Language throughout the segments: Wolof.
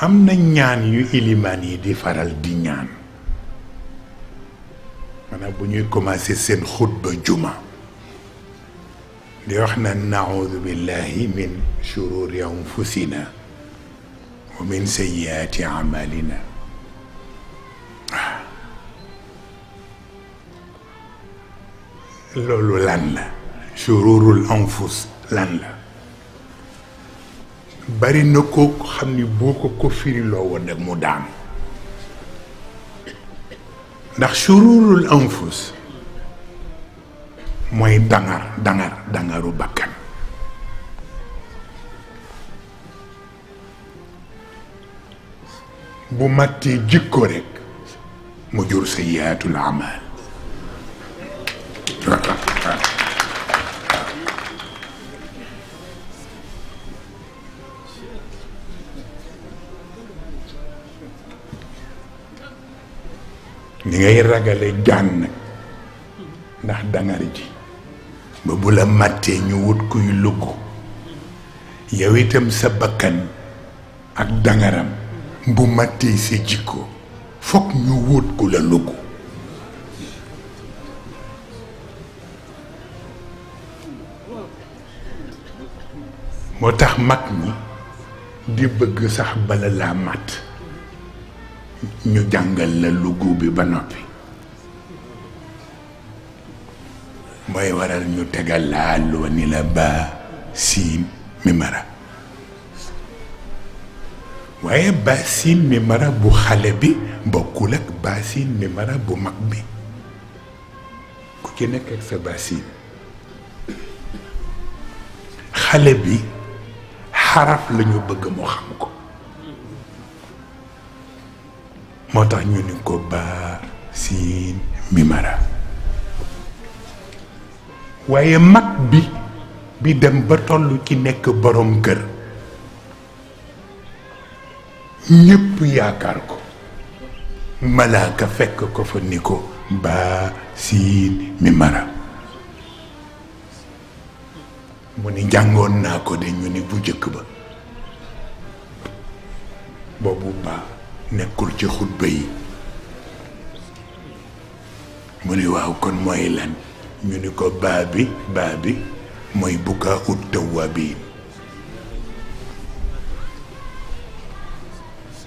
amna ñaan yu ilimaan yi di faral di ñaan mana bu ñuy commencé seen khutba juma di wax na na'udhu billahi min shururi anfusina wa min sayyiati amalina lolu lan la shururul anfus lan la bari na ko xam ni boo ko ko firiloo woon rek mu daanu ndax sururul anfus mooy dangar dangar dangaru bakkan bu màttee jikko rek mu jur sayyiatul amal ni ngay ragale jànn ndax dangar ji ba bu la màttee ñu wut kuy lugg yow itam sa bakkan ak dangaram bu màttee sa jikko fokk ñu wut ku la lugg moo tax mag ñi di bëgg sax bala laa màtt ñu jàngal la lugu bi ba noppi mooy waral ñu tegal la àlluwa ni la baa siin mi mara waaye baa siin bu xale bi bokkul ak baa siin bu mag bi ku ci nekk ak sa baa xale bi xarab lañu bëgg moo xam ko motax ñu ni ko baa siin mi mara waaye bi bi dem ba tollu ci nek borom keur ñepp yaakar ko malaka fekk ko fa niko ba mu ni jangon na ko de ñu ni bu jëkk ba bobu ba nekkul ci xutba yi mu ni waaw kon mooy lan ñu ni ko baa bi baa bi mooy bukkaa ut tawaabiin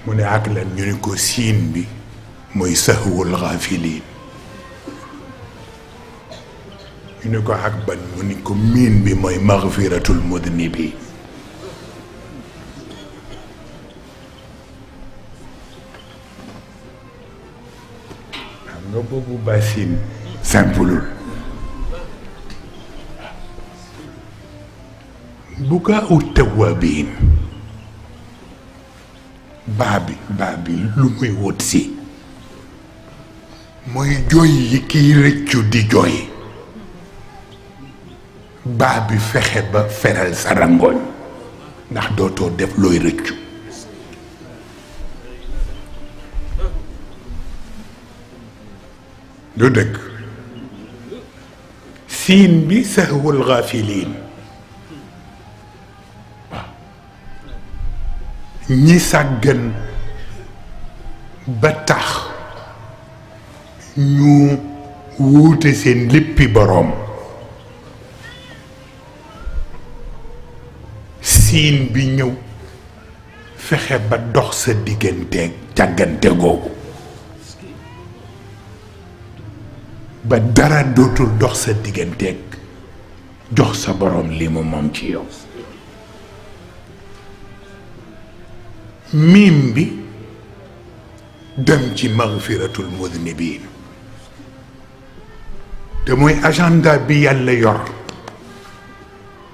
mu ne ak lan ñu ni ko siin bi mooy sahwul xaafiliin ñu ni ko ak ban mu ni ko miin bi mooy maxfiratul mudnibiin nga bëggu basin simpleul bukaau tawaabiin baa bi baa bi lu muy wut si mooy jooy yi kiy rëccu di jooy baa bi fexe ba feral sa rangoñ ndax dootoo def looy rëccu لو سين بي سهو الغافلين ني ساغن باتاخ نو ووتي سين ليبي بروم سين بي نيو فخه با دوخ سا ديغنتك جاغنتك غوغو ba dara dootul dox sa digganteeg jox sa borom li mu moom ci yow miim bi dem ci magfiratul mudnibin te mooy agenda bi yàlla yor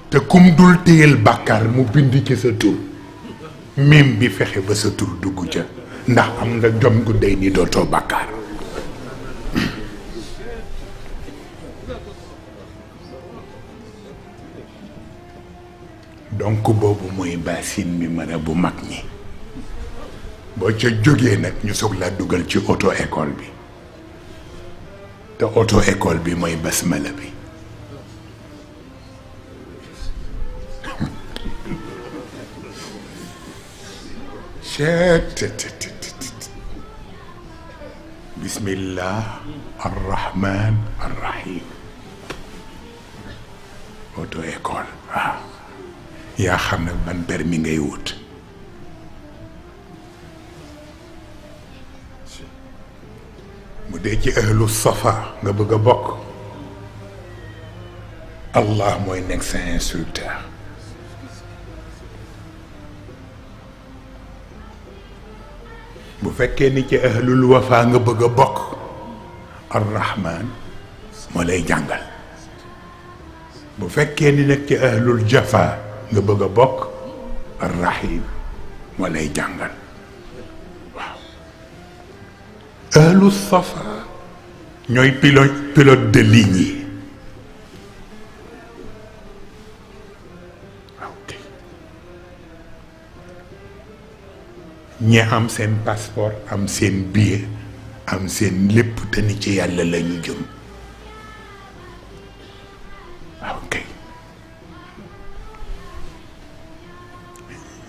te kum dul téyel bàkkaar mu bind ci sa tur miim bi fexe ba sa tur dugg ca ndax am nga jom gu day ni dootoo bàkkaar donc boobu mooy basin bi mën bu mag ñi boo ca jógee nag ñu soog laa dugal ci auto école bi te auto école bi mooy basmala bi cettt auto école يا خمنا من برمينغ يوت مديكي أهل الصفا غبغ بوك الله موي نك سان سولتير بو فكي أهل الوفا غبغ بوك الرحمن مولاي جانغال بو فكي أهل الجفا nga bëgg a bokk rahim moo lay jàngal waaw ahlu safa ñooy pilote pilote de ligne yi ah, ok am seen passeport am seen billet am seen lépp te ni ci yàlla la jëm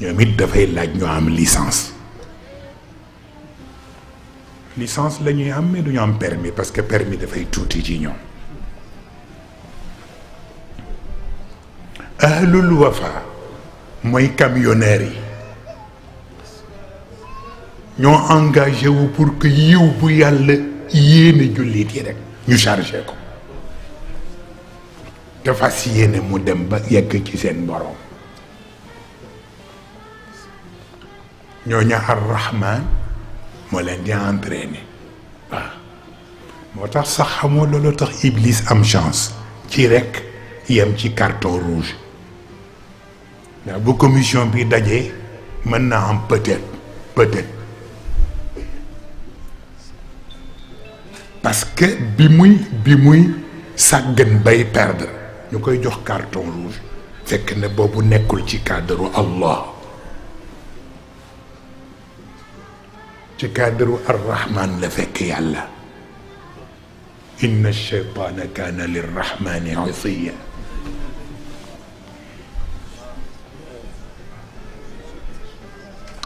Nous it dafay licence licence la ñuy am mais permis parce que permis est tout. ci ñoom ahlul wafa engagé pour que vous puissiez faire yéene jullit yi rek ñu ko chargé. mu dem ba yegg ci ñoña ar-rahman mo len di entraîner ba motax sax xamoo loolu tax Iblis am chance ci rek yem ci carton rouge na bu commission bi dajé mën am peut-être peut-être parce que bi muy bi muy sàggan bay perdre ñukoy jox carton rouge fekk na bobu nekkul ci cadre Allah. تكادر الرحمن لفك يلا إن الشيطان كان للرحمن عصيا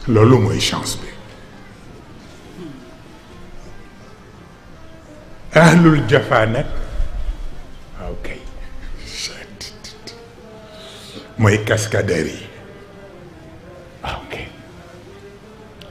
لولو ما يشانس بي أهل الجفانة أوكي ما داري أوكي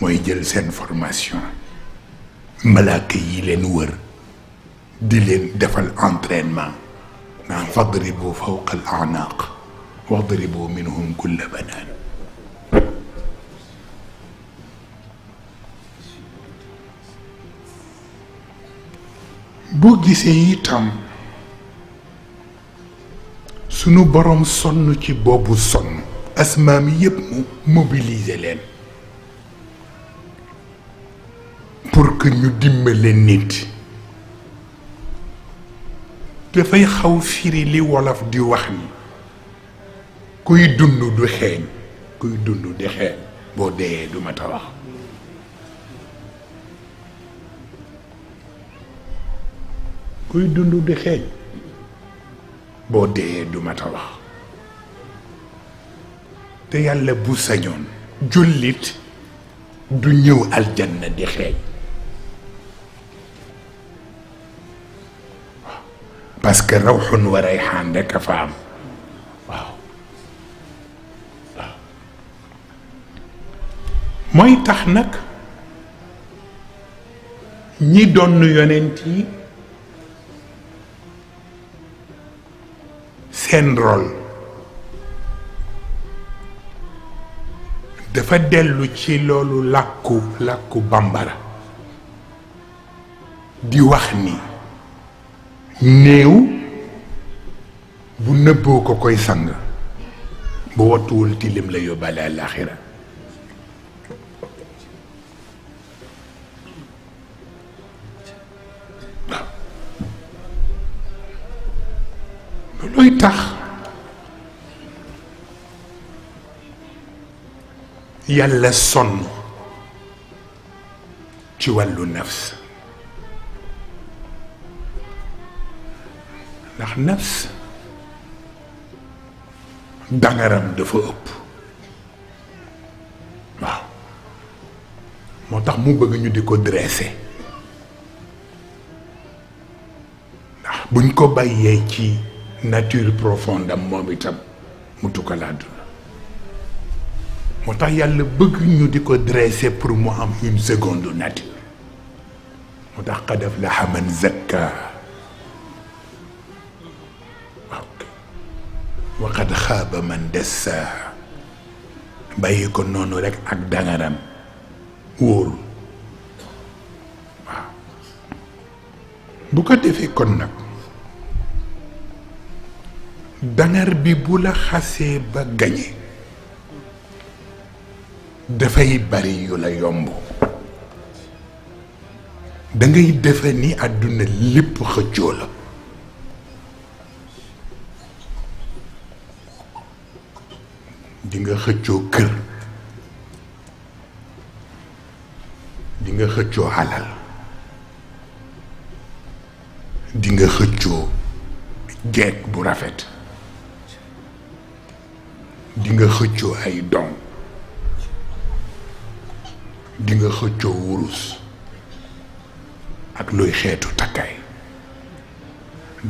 moy jël sen formation malaka yi len wër di len defal entraînement naan fadribu fawqa al anaaq wadribu minhum kulla bu boo gisee itam sunu borom sonn ci boobu sonn asmaam yépp mu mobiliser leen pour que ñu dimbale nit da fay xaw firi li wolof di wax ni kuy dundu du xéñ kuy dundu di xéñ bo dé du ma ta wax kuy dundu di xéñ bo dé du ma ta wax te yàlla bu sañon jullit du ñëw aljanna di xéñ بس كروح وريحان لك فاهم موي تخناك ني دون يوننتي سين رول دفا ديلو شي لولو لاكو لاكو بامبارا دي وخني néew bu nëbboo ko koy sang bu wattuwul tilim la yóbbaale àllaaxira tax yàlla sonn ci wàllu nafs ndax nafs dangaram dafa ëpp waaw moo tax mu bëgg ñu di ko dressé ndax buñ ko bàyyee ci nature profonde am moom itam mu tukkalaatu la moo tax yàlla bëgg ñu di ko dressé pour mu am une seconde nature moo tax qad aflaha man zakka waqad xaaba man dessaaha bàyyi ko noonu rekk ak dangaram wóorul waaw bu ko defee kon nag dangar bi bu la xasee ba gañe dafay bari yu la yomb dangay defe ni àdduna lépp xëccoo la di nga xëccoo kër di nga xëccoo alal dinga xëccoo jeeg bu rafet dinga xëccoo ay doom dinga nga xëccoo wurus ak luy xeetu takkaay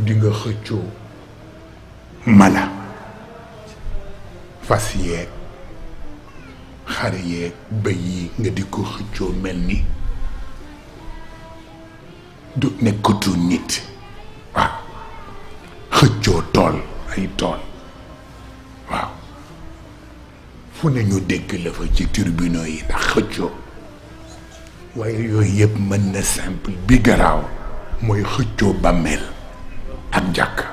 di nga xëccoo mala fas yeeg xar yeeg bëy yi nga di ko xëccoo mel ni du nekkatu nit waaw xëccoo tool ay tool waaw fu ne ñu dégg la fa ci tirbino yi ndax xëccoo waaye yooyu yëpp mën na simple bi garaaw mooy xëccoo bàmmeel ak jàkk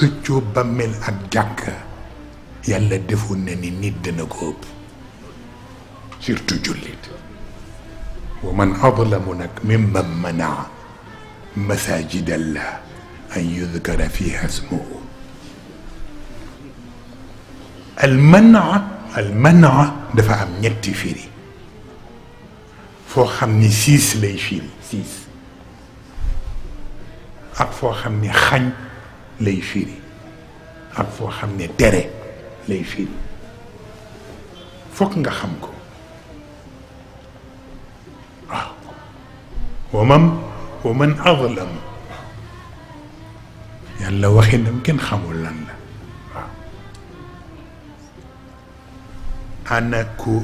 xëccoo bàmmeel ak jàkk yàlla defu na ni nit dina ko ëpp surtout jullit wa man adlamu nag mimman mana masajid allah an yudkara fiha ismuhu almanaa almanaa dafa am ñetti firi foo xam ni siis lay firi siis ak foo xam ni xañ lay firi ak foo xam ne tere lay firi foog nga xam ko waaw wa mam wa man adlam yàlla waxinam kenn xamul lan la waaw ana ku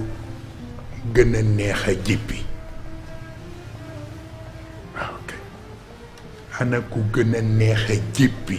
gën a neex a jippi waaw ana ku gën a neex a jippi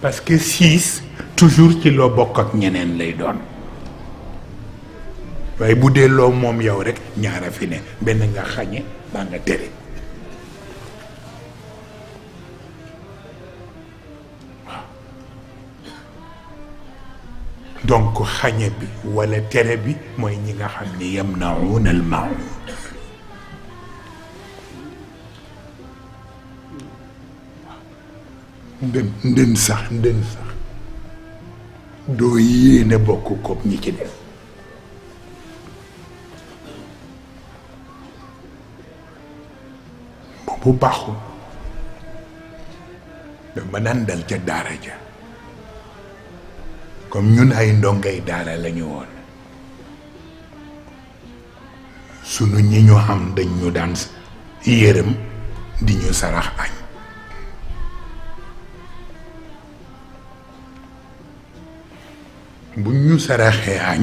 parce que six toujours ci loo bokk ak ñeneen lay doon waaye bu delloo moom yow rekk ñaara fi ne benn nga xañe baa nga tere waaw xañe bi walla tere bi mooy ñi nga xam ne yamna'una al ndën sax ndën sax doo yéene bokk koog ñi ci def bu baaxul dama daan dal ca daara ja comme ñun ay ndongay daara lañu woon sunu ñi ñu am dañ ñu daan yërëm di ñu sarax añ bu ñu saraxee añ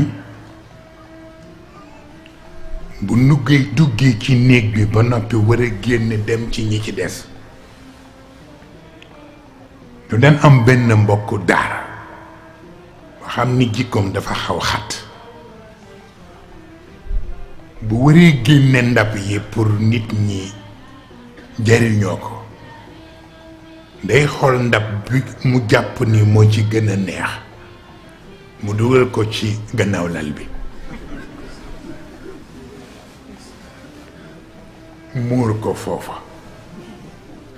bu nuggee duggee ci néeg bi ba noppi war a génn dem ci ñi ci des ñu daan am benn mbokk daara ba xam ni jikkoom dafa xaw xat bu waree génne ndab yi pour nit ñi jariñoo ko day xool ndab bi mu jàpp ni moo ci gën a neex mu dugal ko ci gannaaw lal bi muur ko foofa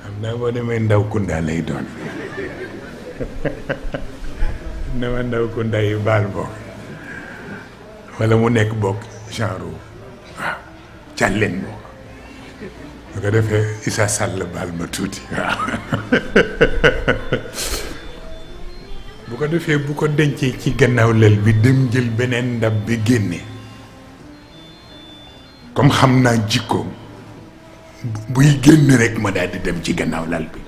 xam naa boo demee ndaw kunda lay doon nama ndaw kunda yi baal bokk wala mu nekk bokk genre waaw càlleen bokk bu ko defee Issa Sall baal ma tuuti waaw ko defee bu ko dencee ci gannaaw lal bi dem jël beneen ndab bi génne comme xam naa jikkoom buy génn rek ma daal di dem ci gannaaw lal bi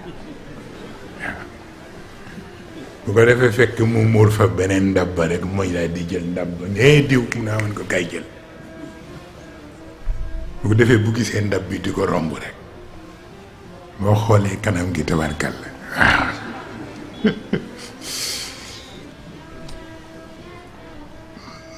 bu ko defee fekk mu muur fa beneen ndab ba rek mooy daal di jël ndab nee diw mu naa mën ko kay jël bu ko defee bu gisee ndab bi di ko romb rek boo xoolee kanam gi tabarkal la waaw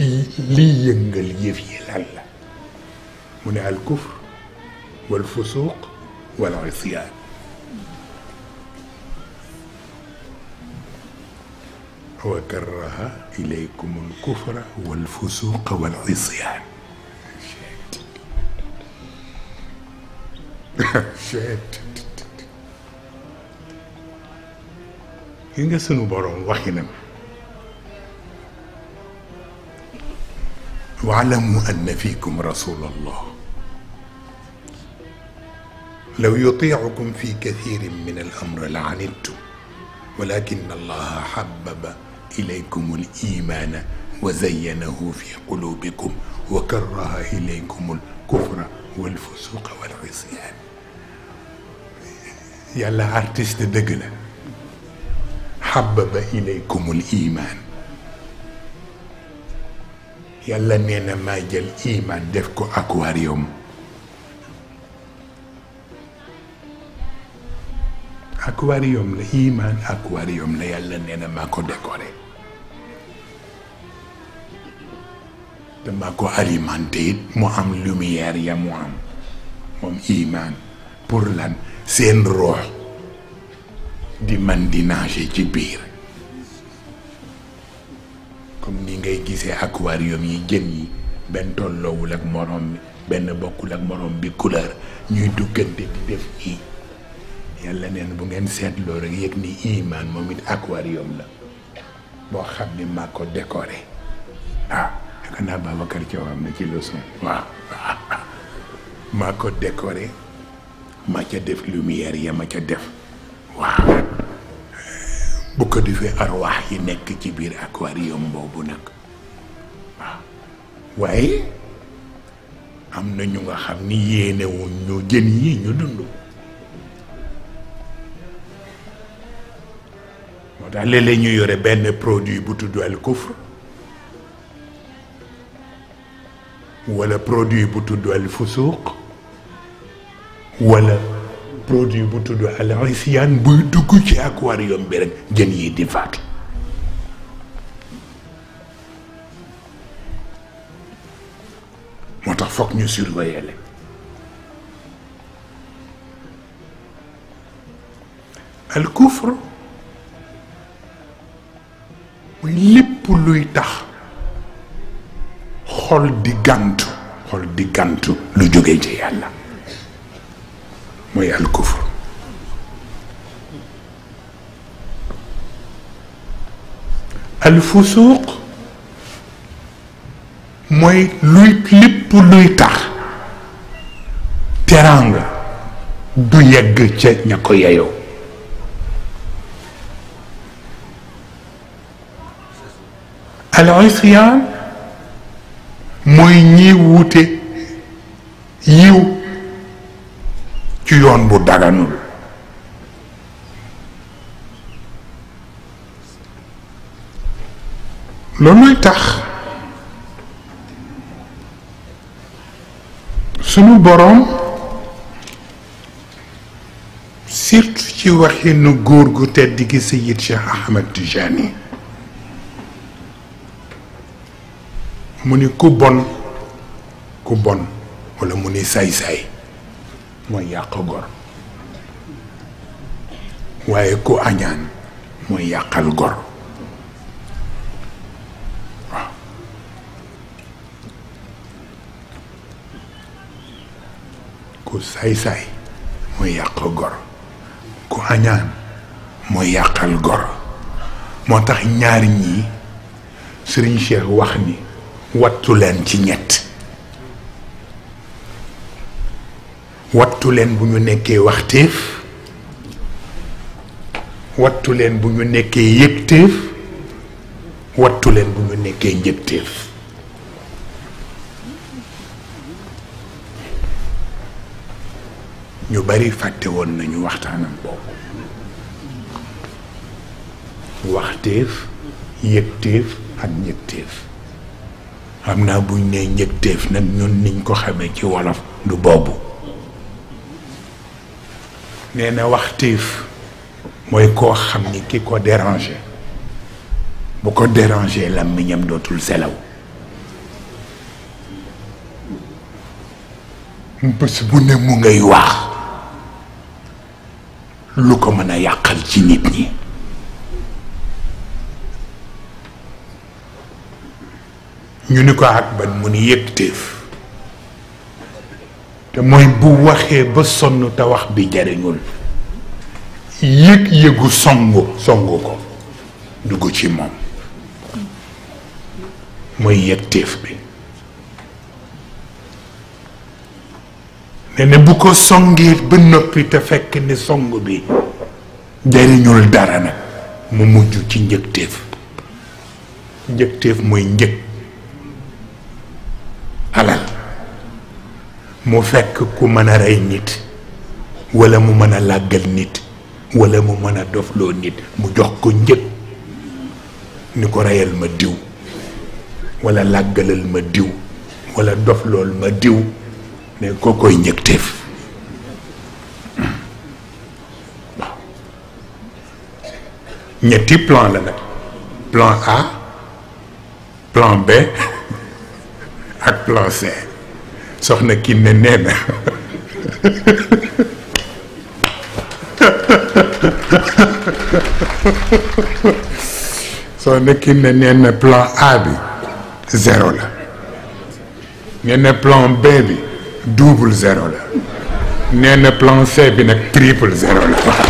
ليينجل يفي الهلا من الكفر والفسوق والعصيان وكره إليكم الكفر والفسوق والعصيان شهد إنك سنبرون وحنم واعلموا أن فيكم رسول الله لو يطيعكم في كثير من الأمر لعنتم ولكن الله حبب إليكم الإيمان وزينه في قلوبكم وكره إليكم الكفر والفسوق والعصيان يلا ارتست دقنا حبب إليكم الإيمان yàlla nee na maa jël iman def ko aquarium aquarium la iman aquarium la yàlla nee na maa ko décoré te maa ko alimenté mu am lumière ya mu am moom iman pour lan seen roox di man di nager ci biir comme ni ngay gisee aquarium yi jën yi benn tolloowul ak morom bi benn bokkul ak morom bi couleur ñuy duggante di def nii yàlla neen bu ngeen seetloo rek yëg ni iman moom it aquarium la boo xam ne maa ko décoré ah yaakaar naa Babacar Thiaw am na ci leçon waaw maa ko décoré ma ca def lumière ya ma ca def waaw bu ko defee arwaax yi nekk ci biir aquarium boobu nag waaw waaye am na ñu nga xam ni yéenewuñ ñu jën yi ñu dund moo tax léeg-léeg yore benn produit bu tudd al kufr wala produit bu tudd al fusuq wala produit bu tudd al isyan buy dugg ci aquarium bi rek jën yi di faatu moo tax foog ñu surveiller leen al kufr muy lépp luy tax xol di gàntu xol di gàntu lu jóge ci yàlla mooy al alfusuuq moy luy lépp luy tax teraanga du yegg ca ñako yeyo al isyaan Moy ñi wuute yiw ci yoon bu daganul looluy tax sunu borom surtout ci waxinu góor gu tedd gi Seyid Cheikh Ahmed Tijani mu ni ku bon ku bon wala mu ni say-say mooy yàq gor waaye ku añaan mooy yàqal gor waaw ku saay-saay mooy yàq gor ku añaan mooy yàqal gor moo tax ñaar ñii Sëriñ Cheikh wax ni wattu leen ci ñett wattu leen bu ñu nekkee waxteef wattu leen bu ñu nekkee yëgteef wattu bu ñu nekkee njëgteef ñu bari fàtte woon nañu waxtaanam boobu waxteef yëgteef ak njëgteef xam naa buñ nee njëgteef nag ñun niñ ko xamee ci wolof du boobu nee na wax moy ko xamni kiko déranger bu ko déranger bu ko dérangé làmmiñam dootul selaw bés bu ne mu ngay wax lu ko meuna yakal ci nit ñi ñu ni ko ak ban mu ni yëg te mooy bu waxee ba sonn te wax bi jariñul yëg-yëgu songu songu ko dugg ci moom mooy yëgteef bi ne ne bu ko songeet ba noppi te fekk ne song bi jariñul dara nag mu mujj ci njëgteef njëgteef mooy njëg mu fekk ku mën a rey nit wala mu mën a làggal nit wala mu mën a dofloo nit mu jox ko njëg ni ko reyal ma diw walla làggalal ma diw wala lool ma diw ne koo koy njëgteef waaw ñetti plan la nag plan A plan B ak plan C soxna Kiné nee na soxna Kiné nee plan A bi la nee plan B bi double zéro la nee na plan C bi nag triple zéro la